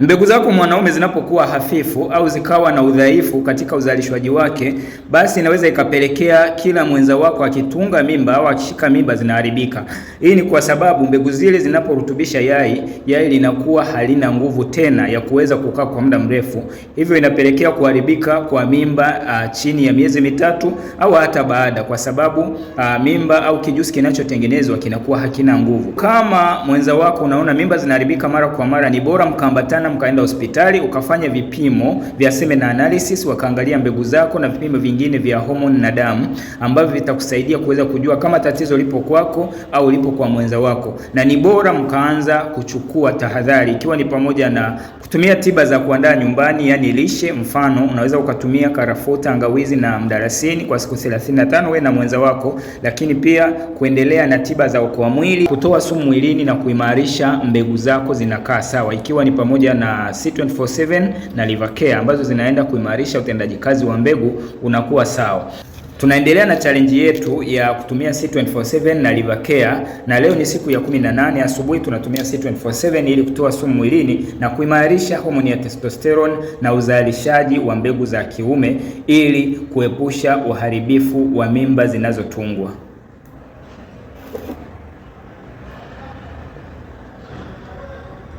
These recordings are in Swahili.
Mbegu zako mwanaume zinapokuwa hafifu au zikawa na udhaifu katika uzalishwaji wake, basi inaweza ikapelekea kila mwenza wako akitunga mimba au akishika mimba zinaharibika. Hii ni kwa sababu mbegu zile zinaporutubisha yai, yai linakuwa halina nguvu tena ya kuweza kukaa kwa muda mrefu, hivyo inapelekea kuharibika kwa mimba a, ah, chini ya miezi mitatu au hata baada, kwa sababu a, ah, mimba au kijusi kinachotengenezwa kinakuwa hakina nguvu. Kama mwenza wako unaona mimba zinaharibika mara kwa mara, ni bora mkaambatana mchana mkaenda hospitali ukafanya vipimo vya semen analysis, wakaangalia mbegu zako na vipimo vingine vya homoni na damu ambavyo vitakusaidia kuweza kujua kama tatizo lipo kwako au lipo kwa mwenza wako, na ni bora mkaanza kuchukua tahadhari, ikiwa ni pamoja na kutumia tiba za kuandaa nyumbani, yani lishe. Mfano, unaweza ukatumia karafuu, tangawizi na mdalasini kwa siku 35 wewe na mwenza wako, lakini pia kuendelea na tiba za ukoa mwili, kutoa sumu mwilini na kuimarisha mbegu zako zinakaa sawa, ikiwa ni pamoja na C247 na Livercare ambazo zinaenda kuimarisha utendaji kazi wa mbegu unakuwa sawa. Tunaendelea na challenge yetu ya kutumia C247 na Livercare na leo ni siku ya 18 asubuhi, tunatumia C247 ili kutoa sumu mwilini na kuimarisha homoni ya testosterone na uzalishaji wa mbegu za kiume ili kuepusha uharibifu wa mimba zinazotungwa.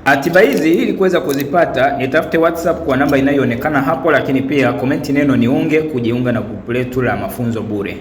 Ah, tiba hizi ili kuweza kuzipata nitafute WhatsApp kwa namba inayoonekana hapo, lakini pia komenti neno niunge kujiunga na grupu letu la mafunzo bure.